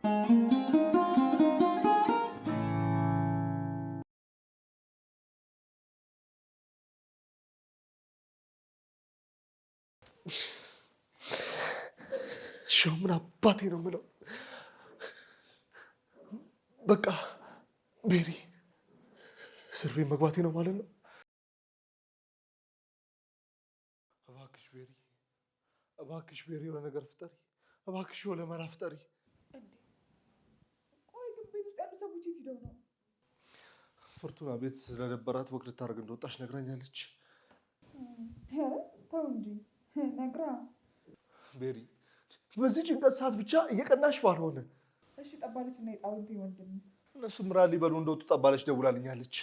ምን አባቴ ነው የምለው? በቃ ቤሪ እስር ቤት መግባቴ ነው ማለት ነው። እባክሽ ቤሪ፣ እባክሽ ቤሪ፣ የሆነ ነገር ፍጠሪ እባክሽ፣ የሆነ መላ ፍጠሪ። ፊት ሂዶ ነው። ፍርቱና ቤት ስለነበራት ወግ ልታደርግ እንደወጣች ነግራኛለች። ተው እንጂ ነግራ ቤሪ፣ በዚህ ጭንቀት ሰዓት ብቻ እየቀናሽ ባልሆነ። እሺ ጠባለች እና የጣውንቴ ወንድም እነሱ ምራ ሊበሉ እንደወጡ ጠባለች ደውላልኛለች።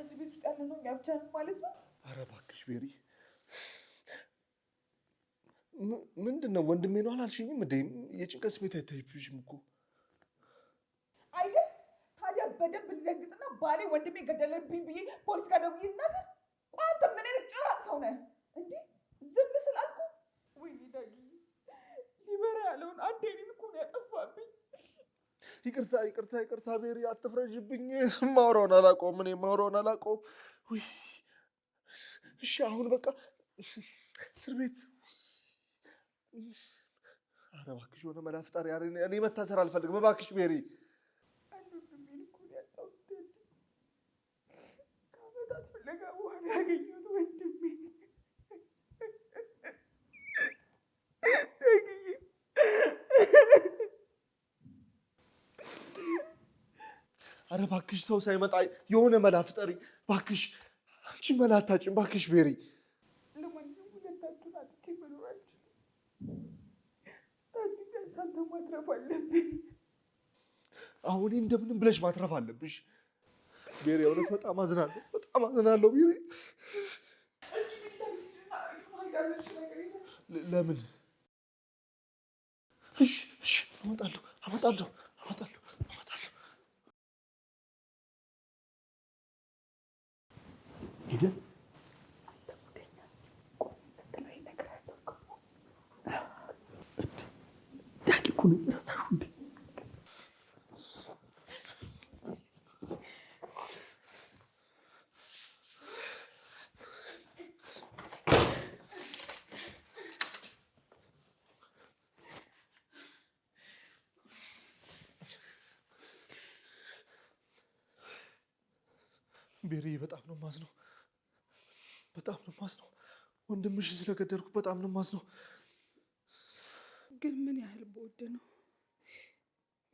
እዚህ ቤት ውስጥ ያለ ነው እኛ ብቻ ማለት ነው። ኧረ እባክሽ ቤሪ፣ ምንድን ነው ወንድሜ ነው አላልሽኝም እንዴ? የጭንቀት ስሜት አይታይብሽም እኮ በደንብ ልደግጥና ባሌ ወንድሜ ገደለብኝ ብዬ ፖሊስ ጋር ደውዬ እናገር። አንተ ምን አይነት ጭራቅ ሰው ነህ እንዴ? ዝም ስላልኩ ወይ ዳጊ ሊበራ ያለውን አንዴ እኔን እኮ ያጠፋብኝ። ይቅርታ ይቅርታ ይቅርታ፣ ቤሪ አትፍረጅብኝ። ማውራውን አላውቀውም፣ እኔ ማውራውን አላውቀውም። እሺ አሁን በቃ እስር ቤት ኧረ እባክሽ የሆነ መላ ፍጠሪ። እኔ መታሰር አልፈልግም እባክሽ ቤሪ ከዛ በኋላ ወንድሜ አረ ባክሽ ሰው ሳይመጣ የሆነ መላ ፍጠሪ ባክሽ። አንቺ መላ አታጭም ባክሽ ቤሪ። አሁን እንደምንም ብለሽ ማትረፍ አለብሽ ቤሪ። እውነት በጣም አዝናለሁ። በጣም አዝናለሁ። ለምን አመጣለሁ አመጣለሁ አመጣለሁ አመጣለሁ። ሄደህ ዳጊ እኮ ነው የረሳሽው እንዴ? ቤሪ፣ በጣም ነው ማዝነው፣ በጣም ነው ማዝነው። ወንድምሽ ስለገደልኩ በጣም ነው ማዝነው። ግን ምን ያህል በወድ ነው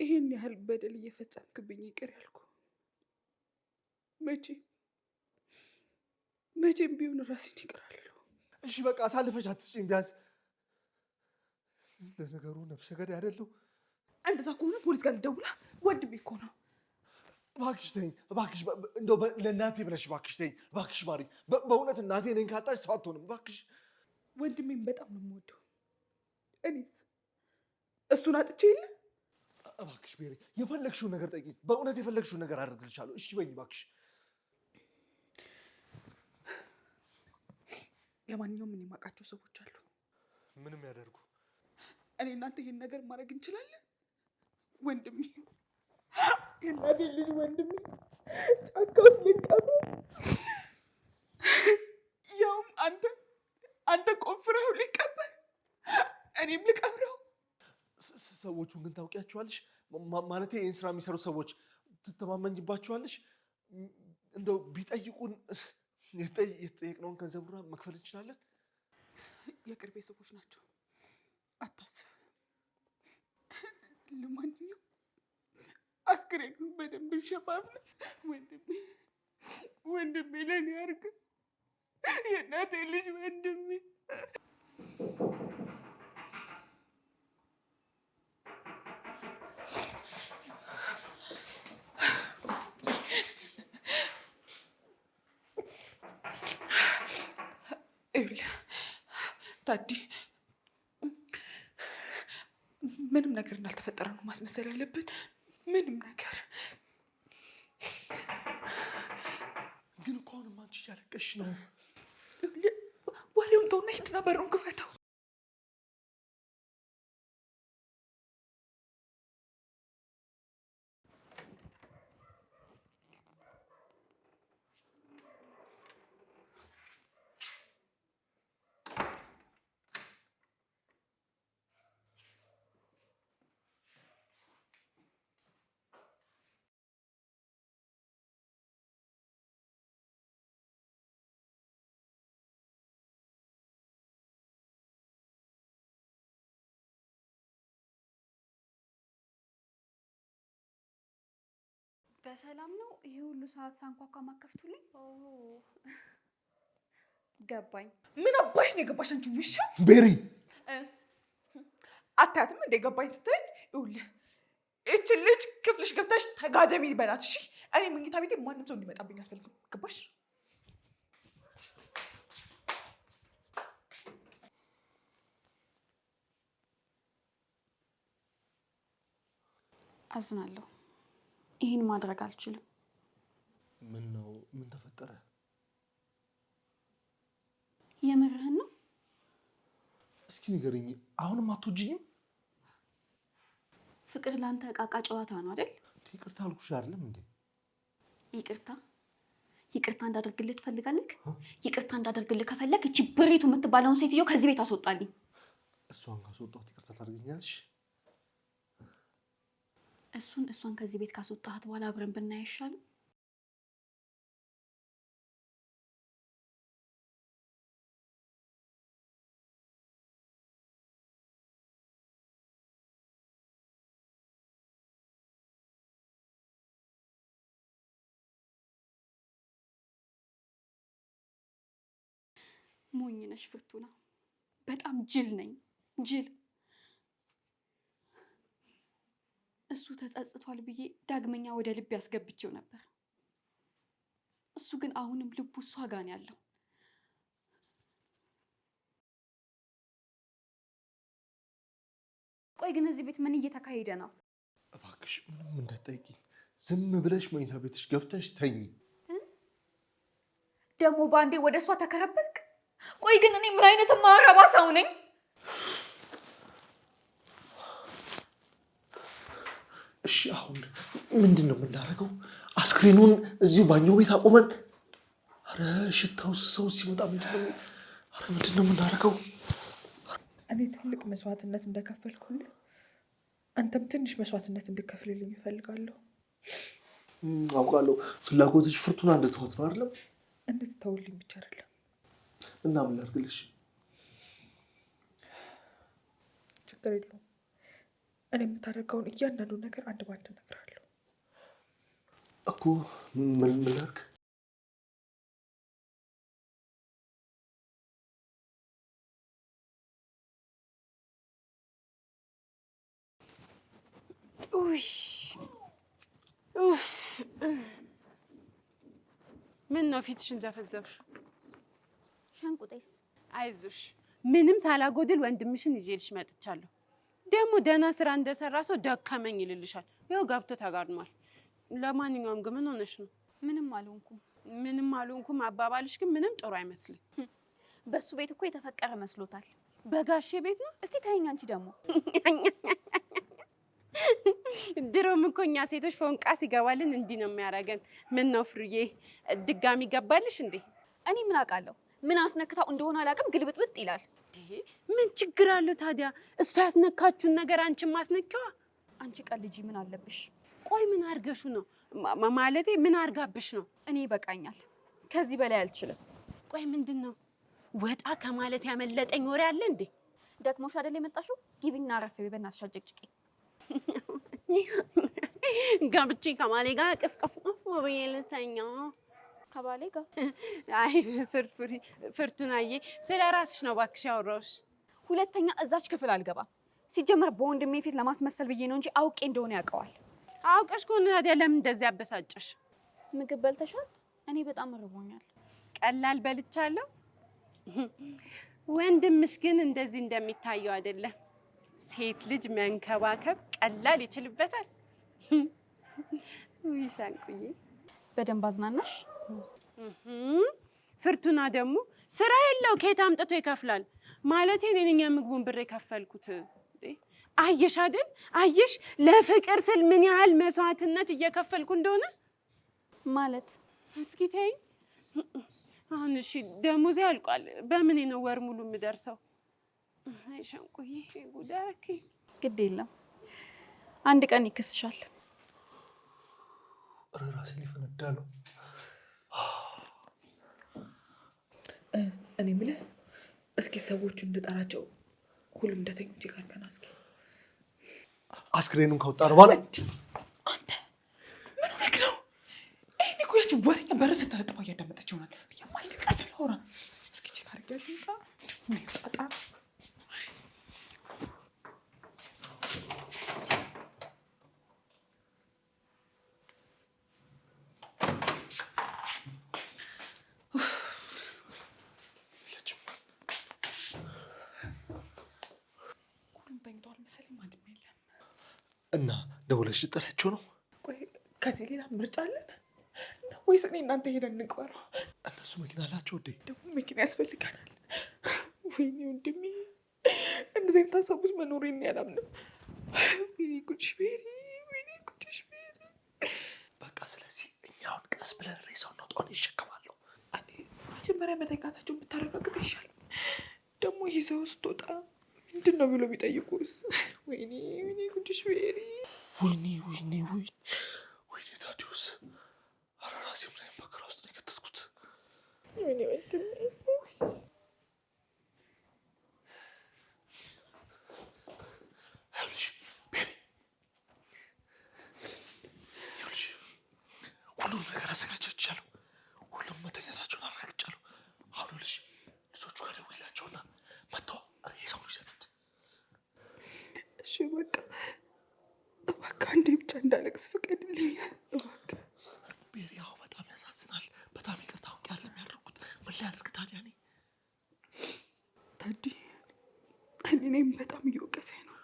ይህን ያህል በደል እየፈጸምክብኝ ይቅር ያልኩ? መቼም መቼም ቢሆን ራሴን ይቅር አልሉ። እሺ በቃ አሳልፈሽ አትስጪኝ። ቢያንስ ለነገሩ ነፍሰ ገዳይ አይደለሁ። እንደዛ ከሆነ ፖሊስ ጋር ልደውላ ወንድሜ እኮ ነው እባክሽ ተይኝ፣ እባክሽ እንደው ለእናቴ ብለሽ እባክሽ ተይኝ፣ እባክሽ ማሪ። በእውነት እናቴ እኔን ካጣሽ ሰው አትሆንም። እባክሽ ወንድሜን በጣም ነው የምወደው። እኔስ እሱን አጥቼ የለ። እባክሽ ቤሪ፣ የፈለግሽውን ነገር ጠይቂኝ። በእውነት የፈለግሽውን ነገር አደርግልሻለሁ። እሺ በይኝ እባክሽ። ለማንኛውም ምን የማውቃቸው ሰዎች አሉ፣ ምንም ያደርጉ። እኔ እናንተ ይህን ነገር ማድረግ እንችላለን ወንድሜ የእናቴ ልጅ ወንድሜ ጫካ ውስጥ ልንቀበ ያውም አንተ አንተ ቆፍረው ሊቀበር እኔም ልቀብረው። ሰዎቹን ግን ታውቂያቸዋለሽ? ማለት ይህን ስራ የሚሰሩ ሰዎች ትተማመኝባቸዋለሽ? እንደው ቢጠይቁን የተጠየቅነውን ገንዘብ መክፈል እንችላለን። የቅርቤ ሰዎች ናቸው፣ አታስብ። ለማንኛውም አስክሬኑን በደንብ እንሸፋፍን። ወንድሜ ወንድሜ ለኔ አርግ የእናቴ ልጅ ወንድሜ ታዲ ምንም ነገር እንዳልተፈጠረ ነው ማስመሰል ያለብን። ምንም ነገር ግን እኮ አሁንም አንቺ እያለቀሽ ነው። ወሬውን ተውና ሂድና በሩን ክፈተው። በሰላም ነው? ይሄ ሁሉ ሰዓት ሳንኳኳ ማከፍቱልኝ? ገባኝ። ምን አባሽ ነው የገባሽ? አንቺ ውሻ ቤሪ አታያትም እንደ ገባኝ ስትለኝ፣ ይኸውልህ እች ልጅ ክፍልሽ ገብተሽ ተጋደሚ በላት እሺ እኔ መኝታ ቤቴ ማንም ሰው እንዲመጣብኝ አልፈልግም። ገባሽ? አዝናለሁ። ይህን ማድረግ አልችልም። ምን ነው? ምን ተፈጠረ? የምርህን ነው? እስኪ ንገርኝ። አሁንም አትወጂኝም? ፍቅር ለአንተ እቃቃ ጨዋታ ነው አይደል? ይቅርታ አልኩሽ አይደለም እንዴ? ይቅርታ ይቅርታ እንዳደርግልህ ትፈልጋለህ? ይቅርታ እንዳደርግልህ ከፈለግ እቺ ብሬቱ የምትባለውን ሴትዮ ከዚህ ቤት አስወጣልኝ። እሷን ካስወጣት ይቅርታ ታደርግኛለሽ? እሱን እሷን ከዚህ ቤት ካስወጣሃት በኋላ አብረን ብናይ አይሻልም? ሞኝ ነሽ ፍርቱና። በጣም ጅል ነኝ ጅል እሱ ተጸጽቷል ብዬ ዳግመኛ ወደ ልብ ያስገብቼው ነበር። እሱ ግን አሁንም ልቡ እሷ ጋን ያለው። ቆይ ግን እዚህ ቤት ምን እየተካሄደ ነው? እባክሽ ምንም እንዳትጠይቂ፣ ዝም ብለሽ መኝታ ቤትሽ ገብተሽ ተኝ። ደግሞ በአንዴ ወደ እሷ ተከረበልክ። ቆይ ግን እኔ ምን አይነት ማራባ ሰው ነኝ? እሺ አሁን ምንድን ነው የምናደርገው? አስክሬኑን እዚሁ ባኘው ቤት አቆመን? አረ ሽታው ሰው ሲመጣ ምንድነው? አረ ምንድን ነው የምናደርገው? እኔ ትልቅ መስዋዕትነት እንደከፈልኩልህ አንተም ትንሽ መስዋዕትነት እንድከፍልልኝ እፈልጋለሁ። አውቃለሁ ፍላጎትሽ ፍርቱና እንድትሆት ነው አይደለም? እንድትተውልኝ ብቻ አይደለም። እና ምን ላድርግልሽ? ችግር የለውም እኔ የምታደርገውን እያንዳንዱ ነገር አንድ ባንድ እነግርሃለሁ እኮ። ምን ላድርግ? ምን ነው ፊትሽን እንዘፈዘብሽ ሸንቁጤስ አይዞሽ፣ ምንም ሳላጎድል ወንድምሽን ይዤልሽ መጥቻለሁ። ደግሞ ደህና ስራ እንደሰራ ሰው ደከመኝ ይልልሻል። ይኸው ገብቶ ተጋድሟል። ለማንኛውም ግን ምን ሆነሽ ነው? ምንም አልሆንኩም። ምንም አልሆንኩም አባባልሽ ግን ምንም ጥሩ አይመስልም። በሱ ቤት እኮ የተፈቀረ መስሎታል። በጋሼ ቤት ነው። እስቲ ተይኝ አንቺ ደግሞ። ድሮም እኮ እኛ ሴቶች ፎንቃ ሲገባልን እንዲህ ነው የሚያደርገን። ምን ነው ፍርዬ፣ ድጋሚ ገባልሽ እንዴ? እኔ ምን አውቃለሁ? ምን አስነክታው እንደሆነ አላውቅም፣ ግልብጥብጥ ይላል። ምን ችግር አለው ታዲያ? እሷ ያስነካችሁን ነገር አንቺን ማስነኪዋ። አንቺ ቀልጂ፣ ምን አለብሽ? ቆይ ምን አርገሹ ነው ማለቴ፣ ምን አርጋብሽ ነው? እኔ ይበቃኛል፣ ከዚህ በላይ አልችልም። ቆይ ምንድን ነው ወጣ ከማለት ያመለጠኝ ወሬ አለ እንዴ? ደክሞሽ አይደል የመጣሽው? ግቢና አረፍ በይ በእናትሽ፣ አጨቅጭቂ። ጋብቼ ከማሌ ጋር ቅፍቅፍ ብዬ ልተኛ ከባሌ ጋር። አይ ፍርፍሪ ፍርቱናዬ፣ ስለ ራስሽ ነው እባክሽ ያወራሁሽ። ሁለተኛ እዛች ክፍል አልገባም። ሲጀመር በወንድሜ ፊት ለማስመሰል ብዬ ነው እንጂ አውቄ እንደሆነ ያውቀዋል። አውቀሽ ከሆነ ታዲያ ለምን እንደዚህ አበሳጨሽ ምግብ በልተሻል? እኔ በጣም እርቦኛል። ቀላል በልቻለሁ። ወንድምሽ ግን እንደዚህ እንደሚታየው አይደለም። ሴት ልጅ መንከባከብ ቀላል ይችልበታል። ይሻንቁዬ በደንብ አዝናናሽ። ፍርቱና ደግሞ ስራ የለው ከየት አምጥቶ ይከፍላል? ማለቴ እኔን ምግቡን ብር የከፈልኩት አየሽ አይደል? አየሽ ለፍቅር ስል ምን ያህል መስዋዕትነት እየከፈልኩ እንደሆነ ማለት እስኪ ተይኝ። አሁን እሺ ደሞዜ ያልቋል። በምን ነው ወር ሙሉ የምደርሰው? አይ ሸንቁዬ፣ ጉድ ግድ የለም አንድ ቀን ይክስሻል። ራሴን ይፈነዳ ነው እኔ የምልህ እስኪ ሰዎቹ እንድጠራቸው ሁሉም እንደተኞች ጋር ገና እስኪ አስክሬኑን ካወጣ በኋላ አንተ ምን ሆነህ ነው? ይሄኔ እኮ ያቺ ወሬኛ በር ስታለጥፋ እያዳመጠች ይሆናል። የማልቀስ ላወራ እስኪ ችግር አድርጊያለሁ ጣጣ እና ደውለሽ ልጠሪያቸው ነው? ቆይ ከዚህ ሌላ ምርጫ አለን ወይስ እኔ እናንተ ሄደን እንቅበረው? እነሱ መኪና አላቸው ወደ ደግሞ መኪና ያስፈልጋናል። ወይኔ ወንድሜ እንደዚህ አይነት ሀሳቦች መኖሬን ያላምንም። ወይኔ ጉድሽ ቤሪ፣ ወይኔ ጉድሽ ቤሪ። በቃ ስለዚህ እኛ አሁን ቀስ ብለን ሬሳው ነው ጦን ይሸከማለሁ። መጀመሪያ መተኛታቸው ብታረጋግጥ ይሻል። ደግሞ ይዘው ስትወጣ ምንድን ነው ብሎ የሚጠይቁስ? ወይኔ ወይኔ ጉድሽ ብሄሪ ወይኔ ወይኔ ወይኔ ወይኔ ታዲዮስ ኧረ ላይ መከራ ውስጥ ነው የከተትኩት። ወይኔ ወንድም ሁሉም ነገር አዘጋጃችኋለሁ ሁሉም መተ በቃ እባክህ አንዴ ብቻ እንዳለቅስ ፍቀድልኝ እባክህ። ቤሪያው በጣም ያሳዝናል። በጣም ይቅርታ አውቄያለሁ የሚያደርጉት ምን ላያደርግ ታዲያ። እኔ ታዲ እኔም በጣም እየወቀሰኝ ነው።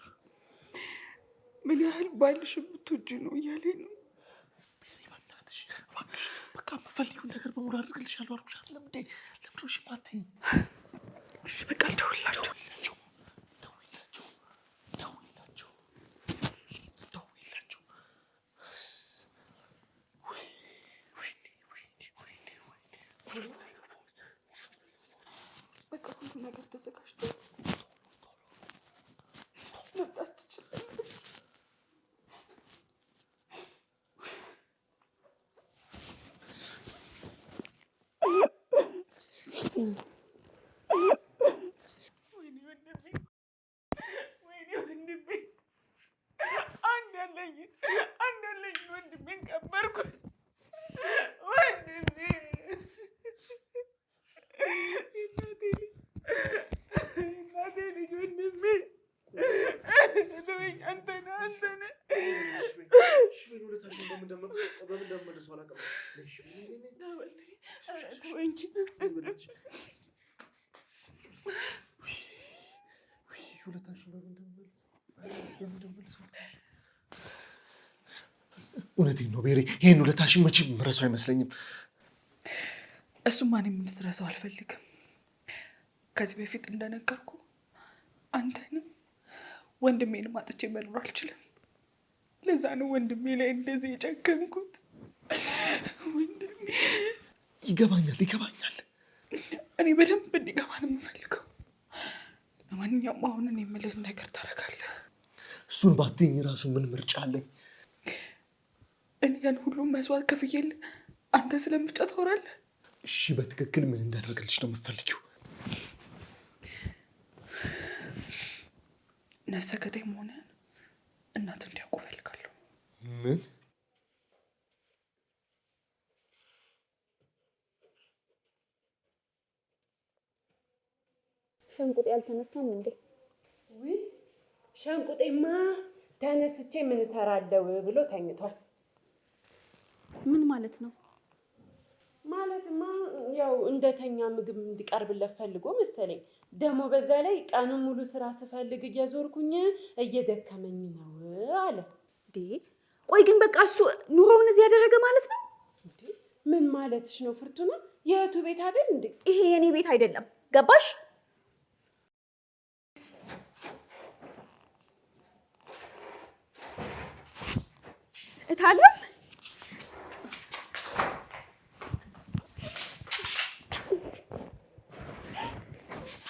ምን ያህል ባልሽ ብትወጂ ነው እያለኝ ነው። ቤሪ በእናትሽ እባክሽ በቃ የምፈልጊውን ነገር በሙሉ አድርግልሻለሁ አልኩሽ አይደለም እንዴ? ለምንድን ነው እሺ በቃ ልደውልላቸው Dolma noktası kaçtı. Dolma çiçeği. Thank you. እውነቴን ነው ቤሪ፣ ይህን ውለታሽን መቼም የምረሳው አይመስለኝም። እሱማ እኔም እንድትረሳው አልፈልግም። ከዚህ በፊት እንደነገርኩ አንተንም ወንድሜንም አጥቼ መኖር አልችልም። ለዛ ነው ወንድሜ ላይ እንደዚህ የጨከንኩት። ወንድሜ ይገባኛል፣ ይገባኛል። እኔ በደንብ እንዲገባ ነው የምፈልገው። ለማንኛውም አሁንን የምልህን ነገር ታደርጋለህ እሱን ባትኝ ራሱ ምን ምርጫ አለኝ? እኔ ያን ሁሉም መስዋዕት ከፍዬል አንተ ስለ ምርጫ ታወራለህ? እሺ በትክክል ምን እንዳደርግልሽ ነው የምትፈልጊው? ነፍሰ ገዳይ መሆንህን እናት እንዲያውቁ እፈልጋለሁ። ምን ሸንቁጥ ያልተነሳም እንዴ? ሸንቁጤማ ተነስቼ ምን እሰራለሁ ብሎ ተኝቷል። ምን ማለት ነው? ማለትማ ያው እንደተኛ ምግብ እንዲቀርብለት ፈልጎ መሰለኝ። ደግሞ በዛ ላይ ቀኑን ሙሉ ስራ ስፈልግ እየዞርኩኝ እየደከመኝ ነው አለ። ቆይ ግን በቃ እሱ ኑሮውን እዚህ ያደረገ ማለት ነው? ምን ማለትሽ ነው ፍርቱና? የእህቱ ቤት አይደል እንዴ? ይሄ የኔ ቤት አይደለም፣ ገባሽ? እታለም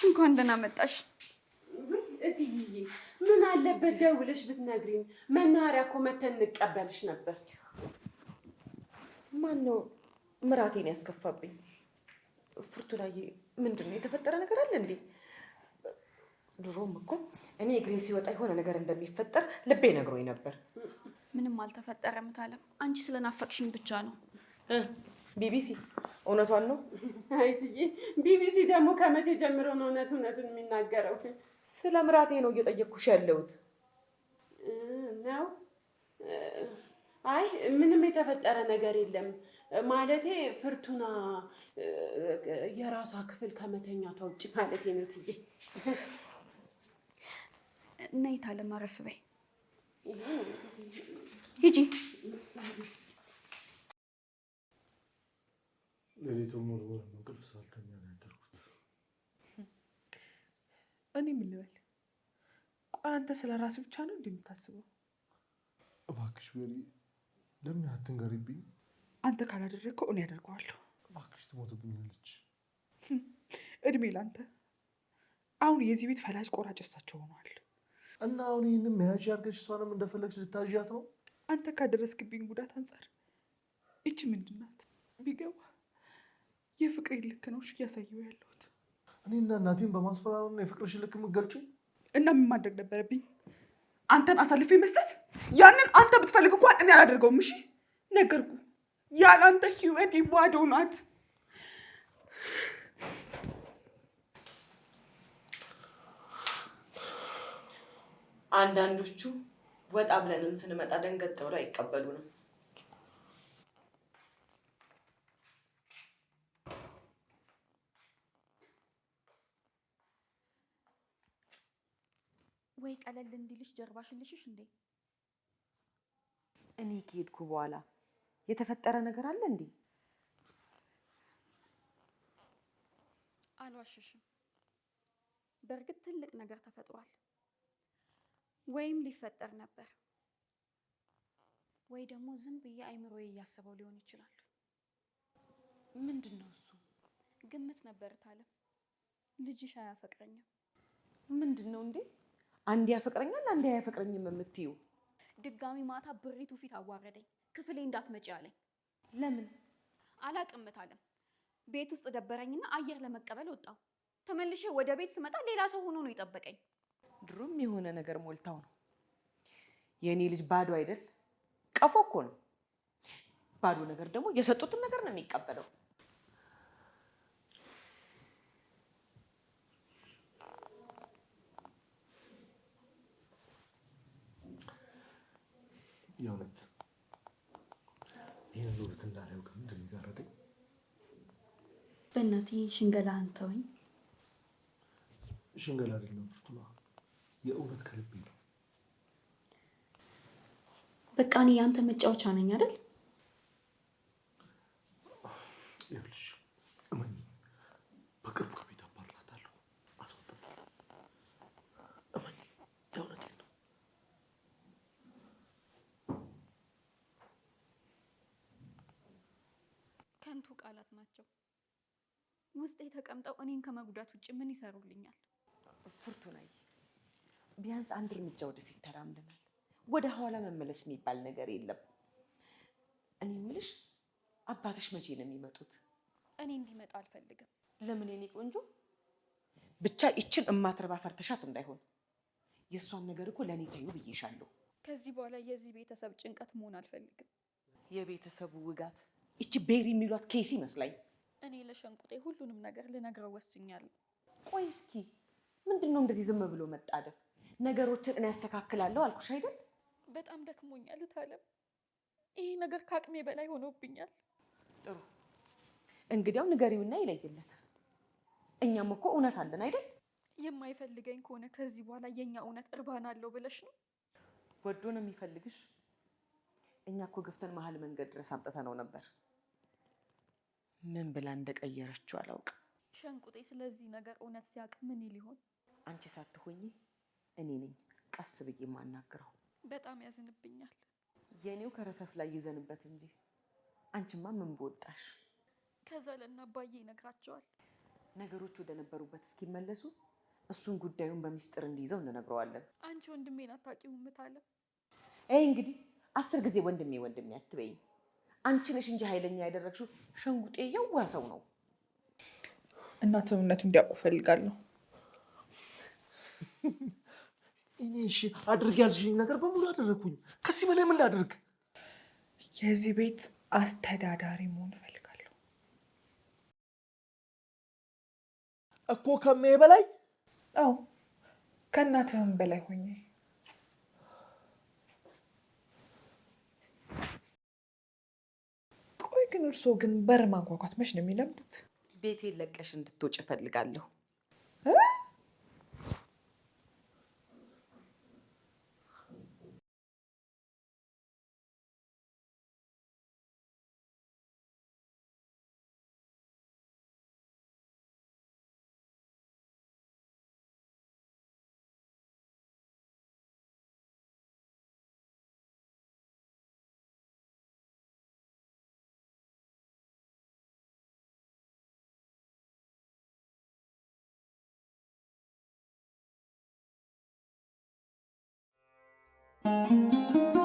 እንኳን ደህና መጣሽ እትዬ። ምን አለበት ደውለሽ ብትነግሪኝ። መናኸሪያ እኮ መተን እንቀበልሽ ነበር። ማን ነው ምራቴን ያስከፋብኝ? ፍርቱናዬ፣ ምንድን ነው የተፈጠረ ነገር አለ እንዴ? ድሮም እኮ እኔ እግሬ ሲወጣ የሆነ ነገር እንደሚፈጠር ልቤ ነግሮኝ ነበር። ምንም አልተፈጠረም። ታለም አንቺ ስለናፈቅሽኝ ብቻ ነው። ቢቢሲ እውነቷን ነው። አይትዬ ቢቢሲ ደግሞ ከመቼ ጀምሮ ነው እውነት እውነቱን የሚናገረው? ስለ ምራቴ ነው እየጠየቅኩሽ ያለሁት ነው። አይ ምንም የተፈጠረ ነገር የለም። ማለቴ ፍርቱና የራሷ ክፍል ከመተኛቷ ውጭ ማለት ነው። ትዬ ነይታ በይ ሂጂ። እኔ ምን ልበል? ቆይ አንተ ስለ ራስህ ብቻ ነው እንደ እባክሽ ቤሪ፣ ለምን አትንገሪብኝ? አንተ ካላደረግከው እኔ አደርገዋለሁ። እባክሽ ትሞትብኛለች። እድሜ ላንተ። አሁን የዚህ ቤት ፈላጭ ቆራጭ እሳቸው ሆኗል። እና አሁን ይህንም መያዣ አድርገሽ እሷንም እንደፈለግሽ ልታዣት ነው አንተ ካደረስክብኝ ጉዳት አንጻር እች ምንድናት ቢገባ የፍቅሬ ልክ ነው እያሳየው ያለሁት እና እናቴን በማስፈራራት ነው የፍቅርሽን ልክ የምትገልጪው። እና ምን ማድረግ ነበረብኝ? አንተን አሳልፌ መስጠት? ያንን አንተ ብትፈልግ እንኳን እኔ አላደርገውም። እሺ ነገርኩ። ያለ አንተ ህይወት ባዶ ናት። አንዳንዶቹ ወጣ ብለንም ስንመጣ ደንገጥ ብሎ አይቀበሉንም። ወይ ቀለል እንዲልሽ ጀርባሽን ልሽሽ እንዴ? እኔ ከሄድኩ በኋላ የተፈጠረ ነገር አለ እንዴ? አልዋሽሽም፣ በእርግጥ ትልቅ ነገር ተፈጥሯል። ወይም ሊፈጠር ነበር ወይ ደግሞ ዝም ብዬ አይምሮዬ እያሰበው ሊሆን ይችላል። ምንድን ነው እሱ? ግምት ነበር ታለም። ልጅሽ አያፈቅረኝም። ምንድን ነው እንዴ? አንድ ያፈቅረኛል አንድ አያፈቅረኝም የምትይው? ድጋሚ ማታ ብሪቱ ፊት አዋረደኝ። ክፍሌ እንዳትመጪ አለኝ። ለምን አላቅም ታለም። ቤት ውስጥ ደበረኝና አየር ለመቀበል ወጣሁ። ተመልሼ ወደ ቤት ስመጣ ሌላ ሰው ሆኖ ነው የጠበቀኝ። ድሩም የሆነ ነገር ሞልታው ነው። የእኔ ልጅ ባዶ አይደል? ቀፎ እኮ ነው። ባዶ ነገር ደግሞ የሰጡትን ነገር ነው የሚቀበለው። የእውነት ይህን ኑሩት እንዳለው ግን እንደሚጋረደኝ በእናትህ ሽንገላ አንተወኝ ሽንገላ አይደለም ፍርቱና የእውነት ከልቤ ነው። በቃ እኔ የአንተ መጫወቻ ነኝ አይደል? ይኸውልሽ እመኝ፣ በቅርቡ ከቤት አባርራታለሁ፣ አስወጣታለሁ። እመኝ፣ የእውነቴን ነው። ከንቱ ቃላት ናቸው። ውስጤ ተቀምጠው እኔን ከመጉዳት ውጭ ምን ይሰሩልኛል? ፍርቱናዬ ቢያንስ አንድ እርምጃ ወደፊት ተራምደናል። ወደ ኋላ መመለስ የሚባል ነገር የለም። እኔ የምልሽ አባትሽ መቼ ነው የሚመጡት? እኔ እንዲመጣ አልፈልግም። ለምን? የኔ ቆንጆ ብቻ ይችን እማትረባ ፈርተሻት እንዳይሆን የእሷን ነገር እኮ ለእኔ ተይው ብዬሻለሁ። ከዚህ በኋላ የዚህ ቤተሰብ ጭንቀት መሆን አልፈልግም። የቤተሰቡ ውጋት ይቺ ቤሪ የሚሏት ኬሲ ይመስላኝ። እኔ ለሸንቁጤ ሁሉንም ነገር ልነግረው ወስኛለሁ። ቆይ እስኪ ምንድን ነው እንደዚህ ዝም ብሎ መጣደፍ? ነገሮችን እኔ ያስተካክላለሁ አልኩሽ አይደል? በጣም ደክሞኛል እታለም። ይሄ ነገር ከአቅሜ በላይ ሆኖብኛል። ጥሩ እንግዲያው ንገሪውና ይለይለት። እኛም እኮ እውነት አለን አይደል? የማይፈልገኝ ከሆነ ከዚህ በኋላ የእኛ እውነት እርባና አለው ብለሽ ነው? ወዶ ነው የሚፈልግሽ። እኛ እኮ ገፍተን መሀል መንገድ ድረስ አምጥተነው ነበር። ምን ብላ እንደቀየረችው አላውቅም። ሸንቁጤ ስለዚህ ነገር እውነት ሲያውቅ ምን ይል ይሆን? አንቺ ሳትሆኚ እኔ ነኝ ቀስ ብዬ የማናግረው። በጣም ያዝንብኛል። የእኔው ከረፈፍ ላይ ይዘንበት እንጂ አንቺማ ምን በወጣሽ። ከዛ አባዬ ይነግራቸዋል። ነገሮች ወደ ነበሩበት እስኪመለሱ እሱን ጉዳዩን በሚስጥር እንዲይዘው እንነግረዋለን። አንቺ ወንድሜን አታውቂውም እምታለ። ይህ እንግዲህ አስር ጊዜ ወንድሜ ወንድሜ አትበይኝ። አንቺ ነሽ እንጂ ኃይለኛ ያደረግሽው ሸንጉጤ የዋ ሰው ነው እና እምነቱ እንዲያውቁ እፈልጋለሁ። እኔ እሺ አድርግ ያልሽኝ ነገር በሙሉ አደረግኩኝ። ከዚህ በላይ ምን ላድርግ? የዚህ ቤት አስተዳዳሪ መሆን እፈልጋለሁ እኮ ከሜ በላይ አዎ፣ ከእናትህም በላይ ሆኜ ቆይ ግን እርስዎ ግን በር ማንኳኳት መች ነው የሚለምዱት? ቤቴ ለቀሽ እንድትወጭ እፈልጋለሁ። Thank you.